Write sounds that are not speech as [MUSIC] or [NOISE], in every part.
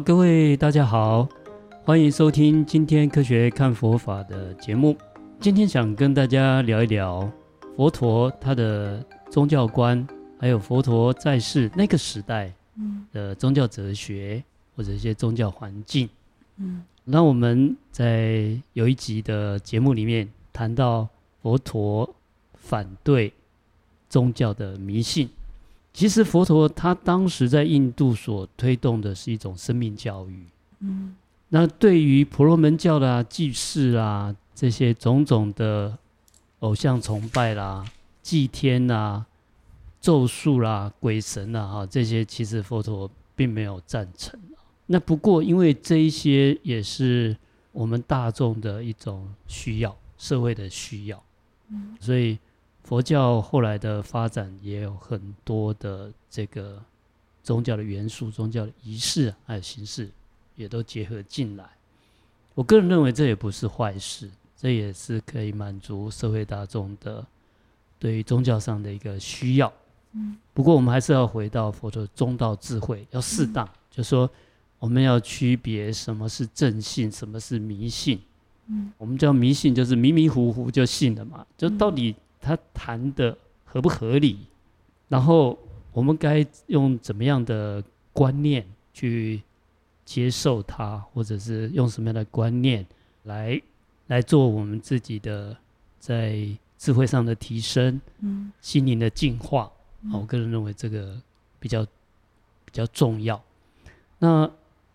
各位大家好，歡迎收聽今天科學看佛法的節目。今天想跟大家聊一聊佛陀他的宗教觀，還有佛陀在世那個時代的宗教哲學或者一些宗教環境。嗯，那我們在有一集的節目裡面談到佛陀反對宗教的迷信。其實佛陀他當時在印度所推動的是一種生命教育，嗯，那對於婆羅門教的啊、祭祀啊，這些種種的偶像崇拜啦、祭天啦、啊、咒術啦、鬼神啦、啊啊，這些其實佛陀並沒有贊成。那不過因為這一些也是我們大眾的一種需要，社會的需要，嗯，所以。佛教後來的發展也有很多的這個宗教的元素、宗教的儀式還有形式，也都結合進來。我個人認為這也不是壞事，這也是可以滿足社會大眾的對於宗教上的一個需要。嗯。不過我們還是要回到佛陀的中道智慧，要適當，嗯、就說我們要區別什麼是正信，什麼是迷信。嗯。我們叫迷信，就是迷迷糊糊就信了嘛。就到底他談的合不合理？然後我們該用怎麼樣的觀念去接受他，或者是用什麼樣的觀念來來做我們自己的在智慧上的提升，嗯，心靈的淨化。啊、嗯，我個人認為這個比較比較重要。那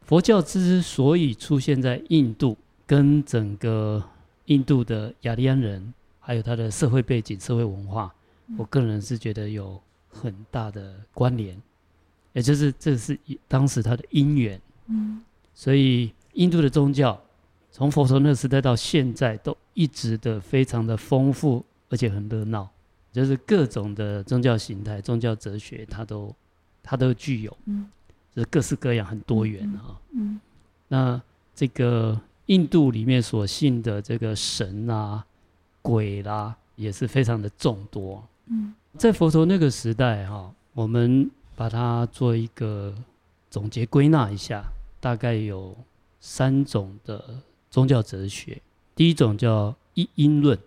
佛教之所以出現在印度，跟整個印度的雅利安人，還有他的社會背景、社會文化，嗯，我個人是覺得有很大的關聯，也就是這是當時他的因緣，嗯，所以印度的宗教從佛陀那時代到現在都一直的非常的豐富，而且很熱鬧，就是各種的宗教形態、宗教哲學，它都它都具有，嗯，就是各式各樣很多元啊，嗯，嗯，那這個印度裡面所信的這個神啊。鬼啦，也是非常的眾多。嗯，在佛陀那個時代，哦，哈，我們把它做一個總結歸納一下，大概有三種的宗教哲學。第一種叫一因論，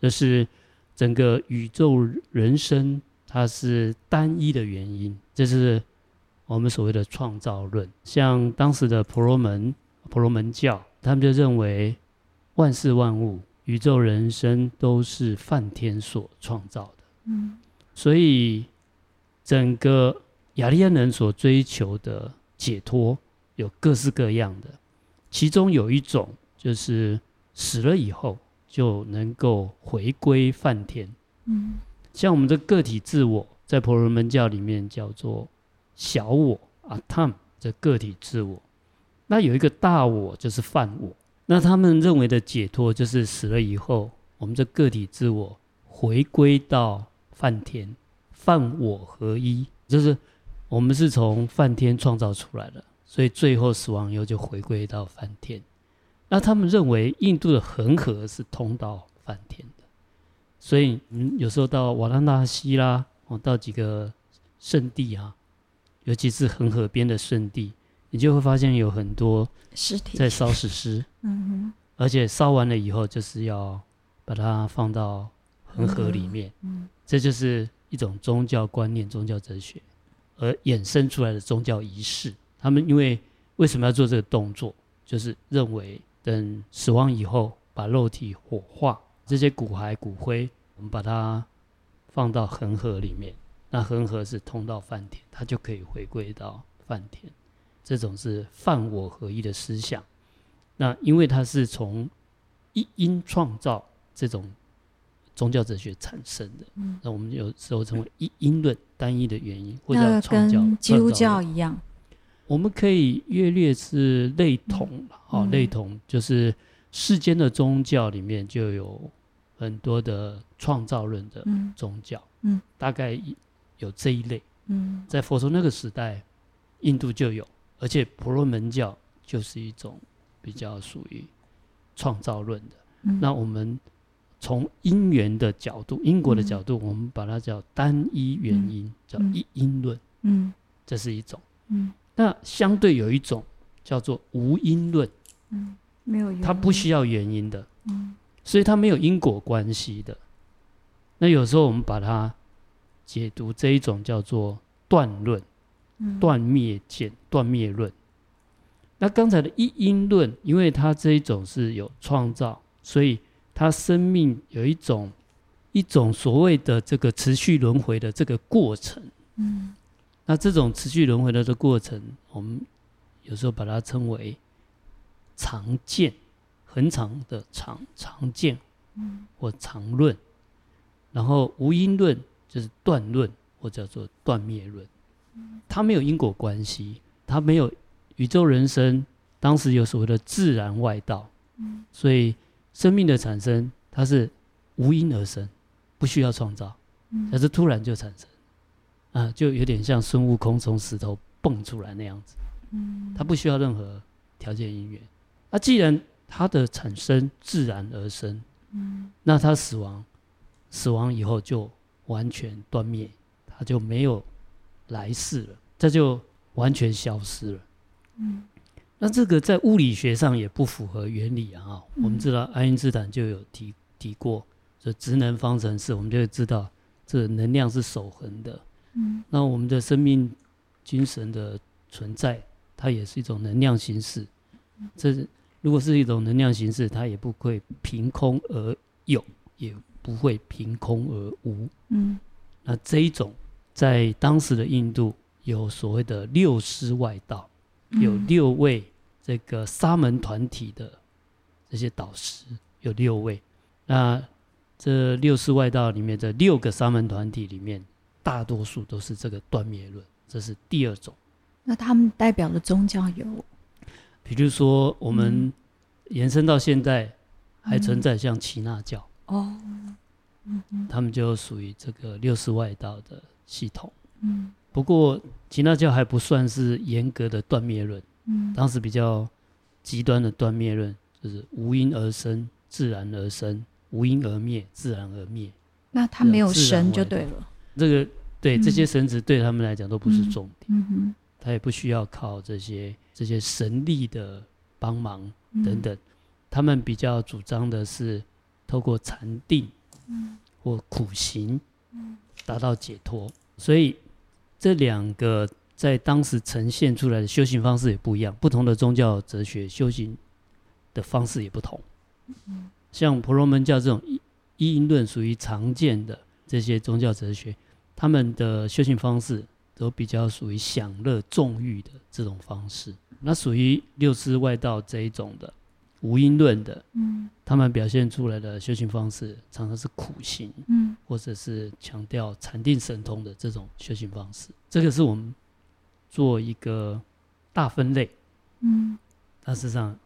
就是整個宇宙人生它是單一的原因，這就是我們所謂的創造論。像當時的婆羅門、婆羅門教，他們就認為萬事萬物，宇宙人生都是梵天所創造的，嗯，所以整個雅利安人所追求的解脫有各式各樣的，其中有一種就是死了以後就能夠回歸梵天，嗯，像我們的個體自我在婆羅門教裡面叫做小我阿他姆的個體自我，那有一個大我就是梵我。那他們認為的解脫，就是死了以後，我們這個體自我回歸到梵天，梵我合一，就是我們是從梵天創造出來的，所以最後死亡以後就回歸到梵天。那他們認為印度的恆河是通到梵天的，所以有時候到瓦拉納西啦，哦，到幾個聖地啊，尤其是恆河邊的聖地。你就會發現有很多屍體在燒死屍，嗯、而且燒完了以後就是要把它放到恆河裡面，嗯嗯、這就是一種宗教觀念、宗教哲學而衍生出來的宗教儀式。他們因為為什麼要做這個動作，就是認為等死亡以後把肉體火化，這些骨骸骨灰，我們把它放到恆河裡面，那恆河是通到梵天，它就可以回歸到梵天。這種是梵我合一的思想，那因為它是從一因創造這種宗教哲學產生的，嗯、那我們有時候稱為一因論，單一的原因或者創造。那跟基督教一樣，我們可以略略是類同哦、嗯啊，類同就是世間的宗教裡面就有很多的創造論的宗教，嗯，嗯大概有這一類，嗯，在佛說那個時代，印度就有。而且婆羅門教就是一種比較屬於創造論的。嗯、那我們從因緣的角度、因果的角度，我們把它叫單一原因，嗯、叫一因論。嗯、這是一種。嗯、那相對有一種叫做無因論。嗯，沒有因。它不需要原因的。嗯，所以它沒有因果關係的。那有時候我們把它解讀這一種叫做斷論。斷滅見、斷滅論。那剛才的一因論，因為它這一種是有創造，所以它生命有一種一種所謂的這個持續輪迴的這個過程。嗯。那這種持續輪迴的這個過程，我們有時候把它稱為常見、恆常的常常見，嗯，或常論。然後無因論就是斷論，或叫做斷滅論。它沒有因果關係，它沒有宇宙人生，當時有所謂的自然外道，嗯、所以生命的產生它是無因而生，不需要創造，它是、嗯、突然就產生，啊，就有點像孫悟空從石頭蹦出來那樣子，他、嗯、它不需要任何條件因緣，那、啊、既然它的產生自然而生，嗯、那它死亡，死亡以後就完全斷滅，它就沒有，來世了，這就完全消失了。嗯，那這個在物理學上也不符合原理啊。嗯、我們知道愛因斯坦就有提提過這質能方程式，我們就會知道這能量是守恆的。嗯，那我們的生命精神的存在，它也是一種能量形式。嗯、這是如果是一種能量形式，它也不會憑空而有，也不會憑空而無。嗯，那這一種。在當時的印度，有所謂的六師外道，有六位這個沙門團體的這些導師，有六位。那這六師外道裡面的六個沙門團體裡面，大多數都是這個斷滅論，這是第二種。那他們代表的宗教有，比如說我們延伸到現在還存在像耆那教、嗯嗯、哦，嗯嗯他們就屬於這個六師外道的。系統，嗯，不過耆那教還不算是嚴格的斷滅論，嗯，當時比較極端的斷滅論就是無因而生、自然而生、無因而滅、自然而滅。那他沒有神就對了。這個對這些神職對他們來講都不是重點，嗯，他也不需要靠這些這些神力的幫忙等等，嗯，他們比較主張的是透過禪定，嗯，或苦行，嗯達到解脫，所以這兩個在當時呈現出來的修行方式也不一樣，不同的宗教哲學修行的方式也不同。嗯，像婆羅門教這種一一因論屬於常見的這些宗教哲學，他們的修行方式都比較屬於享樂縱慾的這種方式。那屬於六師外道這一種的。無因論的，嗯，他們表現出來的修行方式常常是苦行，嗯，或者是強調禪定神通的這種修行方式。這個是我們做一個大分類，嗯，但事實上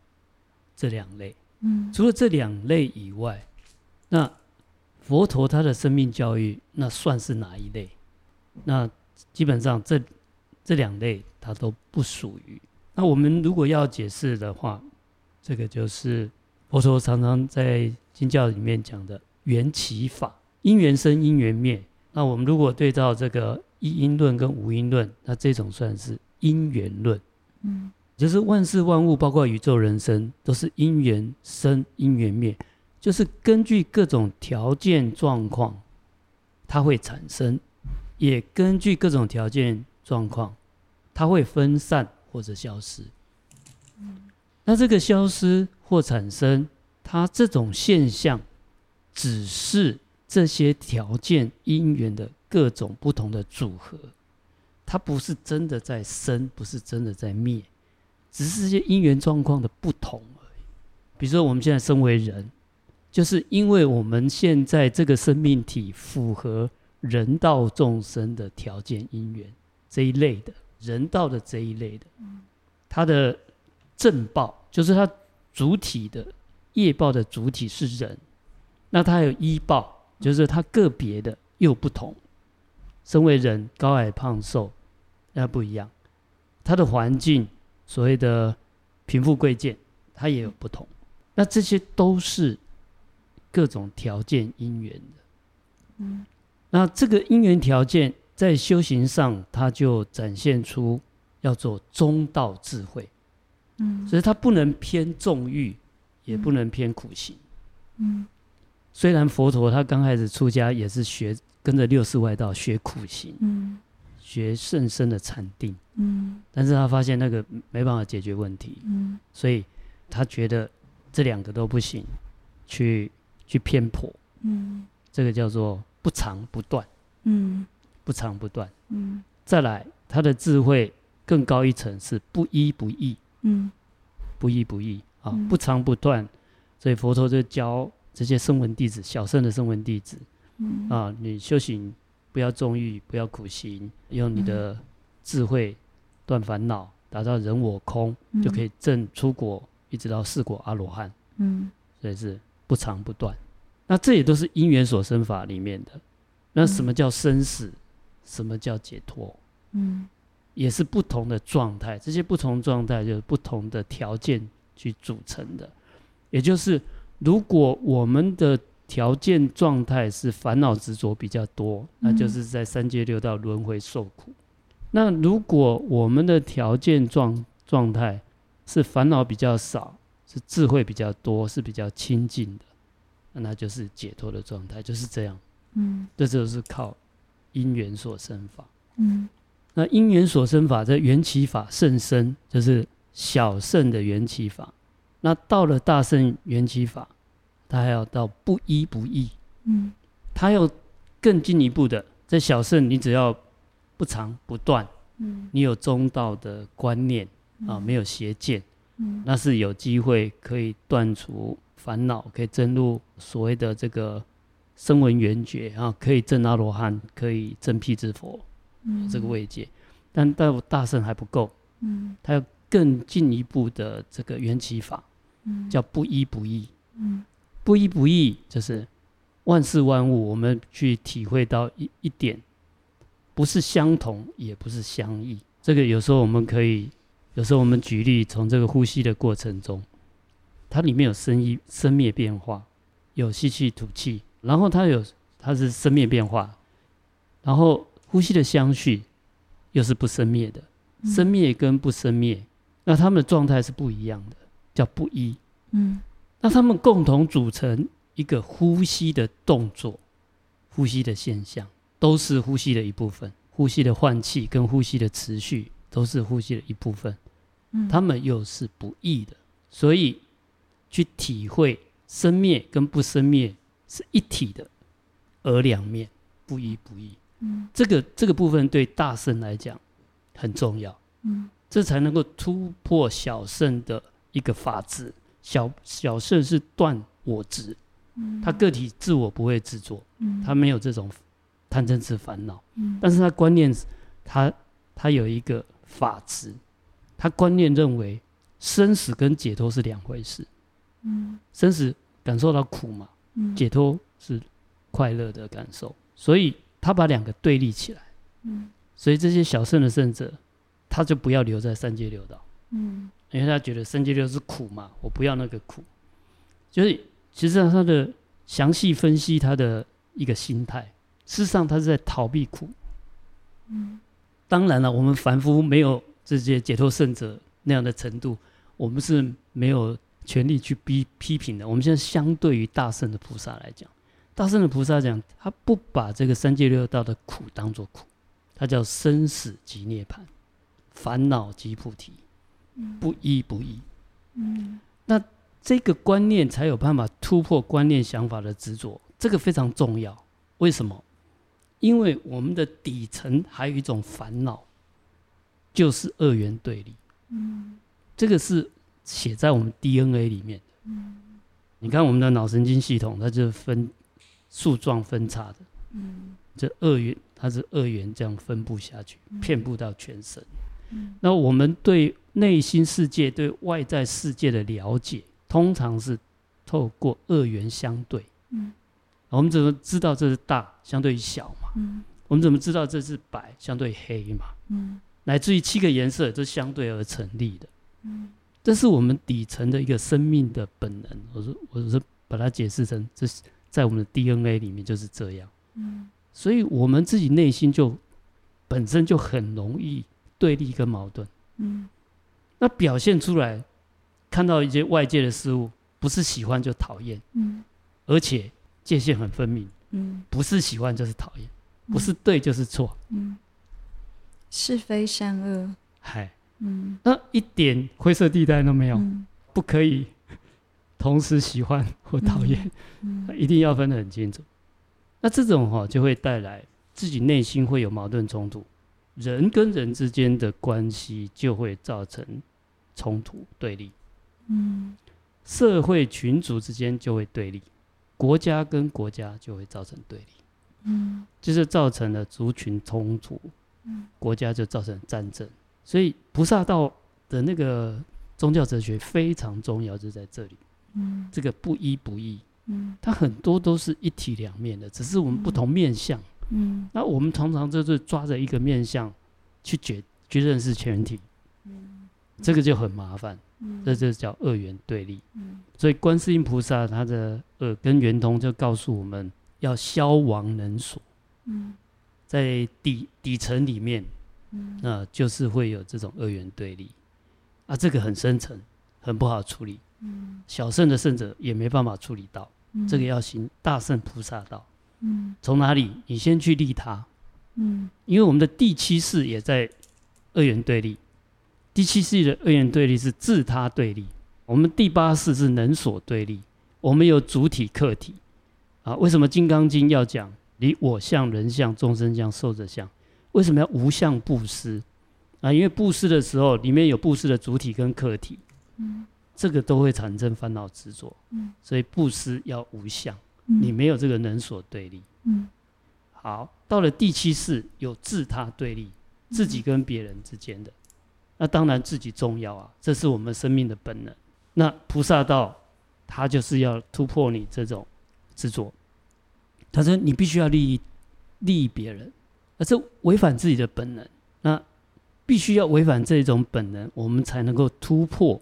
這兩類，嗯，除了這兩類以外，那佛陀他的生命教育那算是哪一類？那基本上這這兩類它都不屬於。那我們如果要解釋的話。這個就是佛陀常常在《經教》裡面講的緣起法，因緣生，因緣滅。那我們如果對照這個一因論跟無因論，那這種算是因緣論。嗯，就是萬事萬物，包括宇宙人生，都是因緣生，因緣滅。就是根據各種條件狀況，它會產生；也根據各種條件狀況，它會分散或者消失。嗯它這個消失或產生，它這種現象，只是這些條件因緣的各種不同的組合，它不是真的在生，不是真的在滅，只是這些因緣狀況的不同而已。比如說，我們現在身為人，就是因為我們現在這個生命體符合人道眾生的條件因緣這一類的，人道的這一類的，它的。正報就是它，主體的業報的主體是人，那它有依報，就是它個別的又不同。身為人，高矮胖瘦那不一樣，它的環境、嗯、所謂的貧富貴賤，它也有不同。嗯、那這些都是各種條件因緣的。嗯，那這個因緣條件在修行上，它就展現出要做中道智慧。嗯、所以他不能偏重欲，嗯、也不能偏苦行。嗯，雖然佛陀他剛開始出家也是學跟着六師外道學苦行，嗯，學甚深的禪定，嗯，但是他發現那個沒辦法解決問題，嗯，所以他覺得這兩個都不行，去去偏頗，嗯，這個叫做不常不斷，嗯，不常不斷，嗯，再來他的智慧更高一層是不一不異。嗯，不一不異啊，嗯、不常不斷，所以佛陀就教這些聲聞弟子，小乘的聲聞弟子，嗯、啊，你修行不要縱欲，不要苦行，用你的智慧斷煩惱，達到人我空，嗯、就可以證初果一直到四果阿羅漢，嗯，所以是不常不斷，那這也都是因緣所生法裡面的。那什麼叫生死？什麼叫解脫？嗯。嗯也是不同的狀態，這些不同狀態就是不同的條件去組成的。也就是，如果我們的條件狀態是煩惱執着比較多，那就是在三界六道輪迴受苦。嗯、那如果我們的條件狀狀態是煩惱比較少，是智慧比較多，是比較親近的，那那就是解脫的狀態，就是這樣。這、嗯、就是靠因緣所生法。嗯那因緣所生法，這緣起法甚深，就是小乘的緣起法。那到了大乘緣起法，它還要到不一不異，嗯，它要更進一步的。這小乘，你只要不長不斷，嗯，你有中道的觀念啊，沒有邪見，嗯，嗯，那是有機會可以斷除煩惱，可以證入所謂的這個聲聞緣覺啊，可以證阿羅漢，可以證辟支佛。有這個位階，嗯、但我大聖還不夠。嗯，他要更進一步的這個緣起法，嗯，叫不一不異，嗯，不一不異就是萬事萬物，我們去體會到一一點，不是相同，也不是相異。這個有時候我們可以，有時候我們舉例，從這個呼吸的過程中，它裡面有生一生滅變化，有吸氣吐氣，然後它有它是生滅變化，然後呼吸的相續，又是不生滅的，嗯、生滅跟不生滅，那它們的狀態是不一樣的，叫不一。嗯，那它們共同組成一個呼吸的動作，呼吸的現象，都是呼吸的一部分。呼吸的換氣跟呼吸的持續，都是呼吸的一部分。它、嗯、們又是不一的，所以去體會生滅跟不生滅是一體的，而兩面不一不一。嗯，這個這個部分對大乘來講很重要。嗯，這才能夠突破小乘的一個法執。小小乘是斷我執，嗯，他個體自我不會執着，嗯，他沒有這種貪嗔痴煩惱，嗯，但是他觀念，他他有一個法執，他觀念認為生死跟解脫是兩回事，嗯，生死感受到苦嘛，嗯，解脫是快樂的感受，所以。他把兩個對立起來，嗯，所以這些小乘的聖者，他就不要留在三界六道，嗯，因為他覺得三界六是苦嘛，我不要那個苦，就是其實、啊、他的詳細分析他的一個心態，事實上他是在逃避苦，嗯、當然了、啊，我們凡夫沒有這些解脫聖者那樣的程度，我們是沒有權利去逼批批評的。我們現在相對於大乘的菩薩來講。大聖的菩薩講，他不把這個三界六道的苦當作苦，他叫生死即涅槃，煩惱即菩提，不一不異。嗯，那這個觀念才有辦法突破觀念想法的執着，這個非常重要。為什麼？因為我們的底層還有一種煩惱，就是二元對立。嗯，這個是寫在我們 DNA 裡面的。嗯，你看我們的腦神經系統，它就分。樹狀分叉的，嗯，這二元它是二元這樣分布下去，嗯，遍布到全身。嗯，那我們對內心世界對外在世界的了解，通常是透過二元相對。嗯，我們怎麼知道這是大相對於小嘛？嗯，我們怎麼知道這是白相對於黑嘛？嗯，乃至於七個顏色這相對而成立的。嗯，這是我們底層的一個生命的本能。我說，我說把它解釋成這是。在我們的 DNA 裡面就是這樣，嗯，所以我們自己內心就本身就很容易對立跟矛盾，嗯，那表現出來看到一些外界的事物，不是喜歡就討厭，嗯，而且界限很分明，嗯，不是喜歡就是討厭，嗯，不是對就是錯，嗯，是非善惡，嗨 Hi，嗯，那一點灰色地帶都沒有，嗯，不可以。同時喜歡或討厭，一定要分得很清楚。嗯嗯、那這種哈、喔、就會帶來自己內心會有矛盾衝突，人跟人之間的關係就會造成衝突對立。嗯，社會群族之間就會對立，國家跟國家就會造成對立。嗯，就是造成了族群衝突，國家就造成戰爭。所以，菩薩道的那個宗教哲學非常重要，就是在這裡。嗯，這個不一不異，嗯，它很多都是一體兩面的，只是我們不同面相，嗯，那我們常常就是抓着一個面相去決去認識全體，嗯，這個就很麻煩，嗯，這就叫二元對立，嗯，所以觀世音菩薩他的耳根圓通，就告訴我們要消亡能所，嗯，在底底層裡面，嗯，那就是會有這種二元對立，啊，這個很深層，很不好處理。嗯、小乘的聖者也沒辦法處理到，嗯、這個要行大乘菩薩道，嗯、從哪裡？你先去利他，嗯、因為我們的第七識，也在二元對立，第七識的二元對立是自他對立，我們第八識是能所對立，我們有主體客體，啊，為什麼《金剛經》要講離我相、人相、眾生相、壽者相？為什麼要無相布施？啊，因為布施的時候裡面有布施的主體跟客體，嗯這個都會產生煩惱執着，所以布施要無相，你沒有這個能所對立。好，到了第七識有自他對立，自己跟別人之間的，那當然自己重要啊，這是我們生命的本能。那菩薩道，他就是要突破你這種執着，他說你必須要利益利益別人，而這違反自己的本能，那必須要違反這種本能，我們才能夠突破。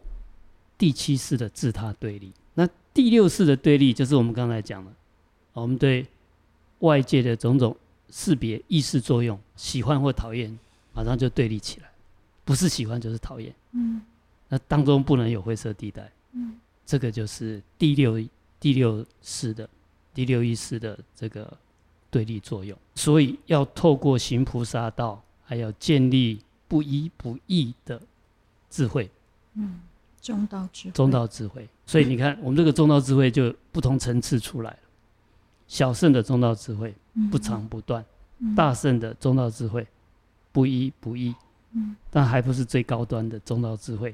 第七識的自他對立，那第六識的對立就是我們剛才講的，我們對外界的種種識別意識作用，喜歡或討厭，馬上就對立起來，不是喜歡就是討厭。嗯，那當中不能有灰色地帶。嗯，這個就是第六第六識的第六意識的這個對立作用，所以要透過行菩薩道，還要建立不一不異的智慧。嗯。中道智慧，中道智慧，所以你看，嗯、我們這個中道智慧就不同層次出來了。小乘的中道智慧不常不斷，嗯、大乘的中道智慧不一不異，嗯、但還不是最高端的中道智慧。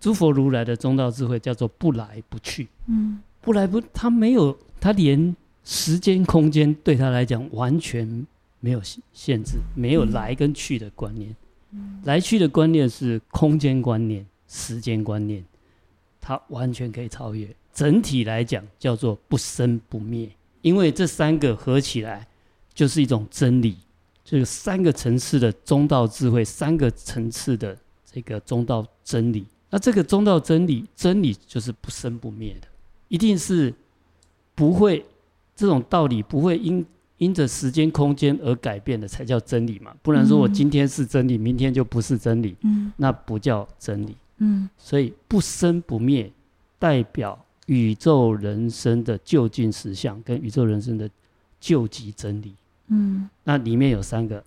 諸、嗯、佛如來的中道智慧叫做不來不去，嗯、不來不他沒有他連時間空間對他來講完全沒有限限制，沒有來跟去的觀念，嗯、來去的觀念是空間觀念。時間觀念，它完全可以超越。整體來講，叫做不生不滅，因為這三個合起來就是一種真理，就是三個層次的中道智慧，三個層次的這個中道真理。那這個中道真理，真理就是不生不滅的，一定是不會這種道理不會因因着時間空間而改變的，才叫真理嘛？不然說我今天是真理，明天就不是真理，嗯，那不叫真理。嗯，所以不生不滅代表宇宙人生的究竟實相跟宇宙人生的究竟真理。嗯，那裡面有三個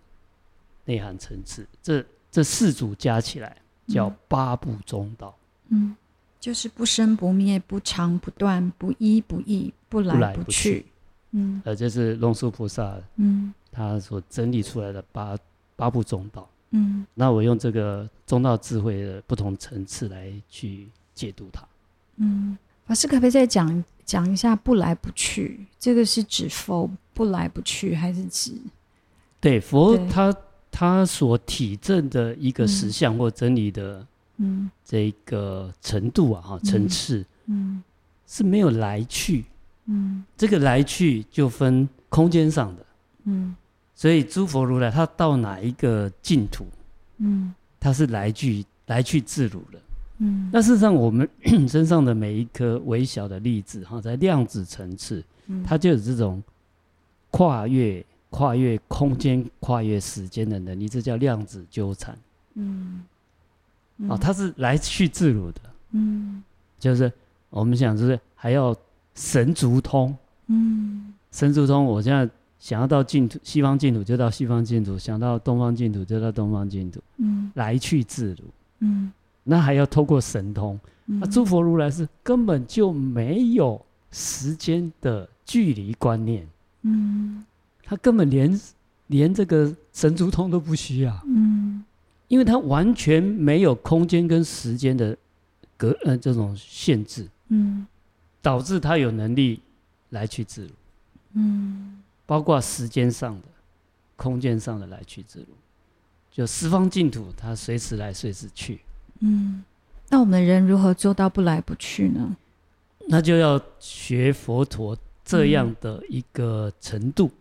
內涵層次，這這四組加起來叫八不中道。嗯，就是不生不滅、不常不斷、不一不異、不來不、不來不去。嗯，這、呃就是龍樹菩薩嗯，他所整理出來的八八不中道。嗯，那我用這個中道智慧的不同層次來去解讀它。嗯，法師可不可以再講講一下“不來不去”？這個是指佛不來不去，還是指對佛他對他所體證的一個實相或真理的嗯，這個程度啊哈，層次。嗯，嗯，嗯，是沒有來去嗯，這個來去就分空間上的嗯。嗯所以諸佛如來他到哪一個淨土，嗯，他是來去來去自如的，嗯。那事實上，我們 [COUGHS] 身上的每一顆微小的粒子哈、啊，在量子層次，嗯、它就有這種跨越、跨越空間、嗯、跨越時間的能力，這叫量子糾纏。嗯、嗯、啊。它是來去自如的。嗯。就是我們講，就是還要神足通。嗯。神足通，我現在。想要到淨土，西方淨土就到西方淨土；想到東方淨土就到東方淨土。嗯，來去自如。嗯，那還要透過神通。嗯，那、啊、諸佛如來是根本就沒有時間的距離觀念。嗯，他根本連連這個神足通都不需要、啊。嗯，因為他完全沒有空間跟時間的隔呃這種限制。嗯，導致他有能力來去自如。嗯。包括時間上的、空間上的來去之路，就十方淨土，它隨時來，隨時去。嗯，那我們人如何做到不來不去呢？那就要學佛陀這樣的一個程度。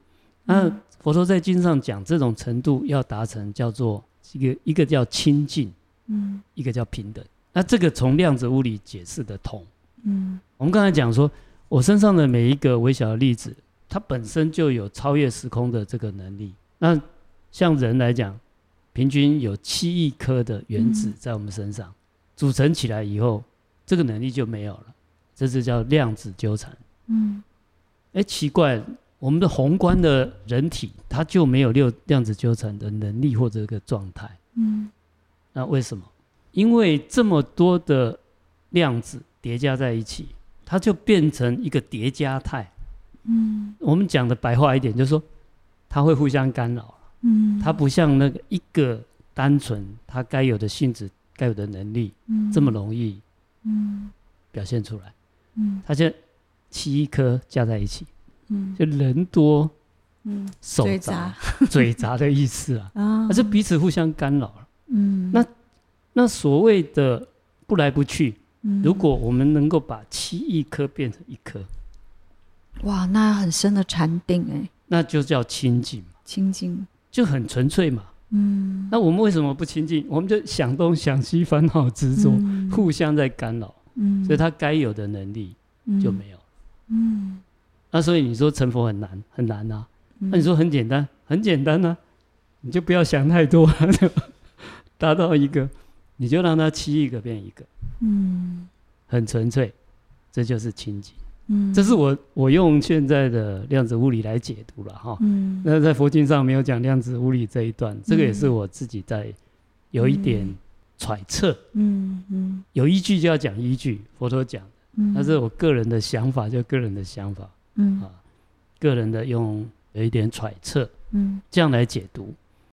嗯、那佛陀在經上講，這種程度要達成，叫做一個一個叫清淨，嗯，一個叫平等。那這個從量子物理解釋的通。嗯，我們剛才講說，我身上的每一個微小的粒子。它本身就有超越時空的這個能力。那像人來講，平均有七億顆的原子在我們身上、嗯、組成起來以後，這個能力就沒有了。這是叫量子糾纏。嗯。哎、欸，奇怪，我們的宏觀的人體，它就沒有六量子糾纏的能力或者這個狀態。嗯。那為什麼？因為這麼多的量子疊加在一起，它就變成一個疊加態。嗯，我們講的白話一點，就是說，他會互相干擾。嗯，他不像那個一個單純，他該有的性質、該有的能力，嗯，這麼容易，嗯，表現出來。嗯，他就七億顆加在一起，嗯，就人多，嗯，手雜，嘴雜的意思啊。啊，就彼此互相干擾。嗯，那那所謂的不來不去，如果我們能夠把七億顆變成一顆。哇，那很深的禪定哎，那就叫清淨，清淨就很純粹嘛。嗯，那我們為什麼不清淨？我們就想東想西之，煩惱執着，互相在干擾。嗯，所以他該有的能力就沒有。嗯，嗯那所以你說成佛很難很難吶、啊，嗯、那你說很簡單很簡單吶、啊，你就不要想太多達 [LAUGHS] 到一個，你就讓它七一個變一個。嗯，很純粹，這就是清淨。嗯，這是我我用現在的量子物理來解讀了哈，嗯，那在佛經上沒有講量子物理這一段，嗯、這個也是我自己在有一點揣測，嗯嗯，有依據就要講依據，佛陀講的，嗯、但是我個人的想法，就個人的想法，嗯啊，個人的用有一點揣測，嗯，這樣來解讀。